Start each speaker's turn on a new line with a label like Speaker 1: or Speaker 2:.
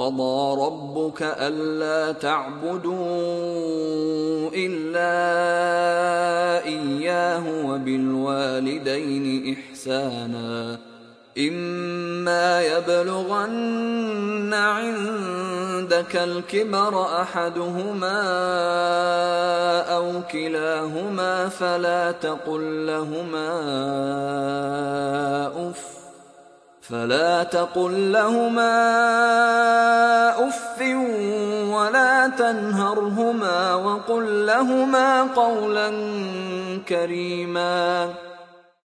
Speaker 1: وقضى ربك ألا تعبدوا إلا إياه وبالوالدين إحسانا إما يبلغن عندك الكبر أحدهما أو كلاهما فلا تقل لهما أف فلا تقل لهما ولا تنهرهما وقل لهما قولا كريما